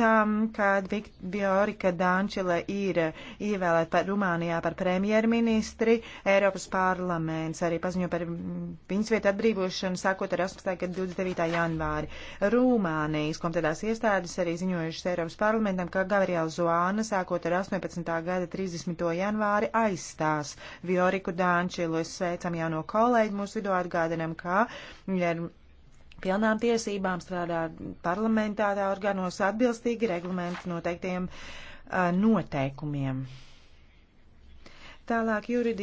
tam, kad Viorika Dančila ir ievēlēta par Rumānijā par premjerministri, Eiropas parlaments arī paziņo par viņas vietu atbrīvošanu sākot ar 18. gada 29. janvāri. Rumānijas komitētās iestādes arī ziņojušas Eiropas parlamentam, ka Gabriela Zoāna sākot ar 18. gada 30. janvāri aizstās Vioriku Dančilu. Es sveicam jauno kolēģi mūsu vidū atgādinam, ka ir pilnām tiesībām strādā parlamentārā organos atbilstīgi reglamentu noteiktiem eh, noteikumiem. Tālāk juridiski.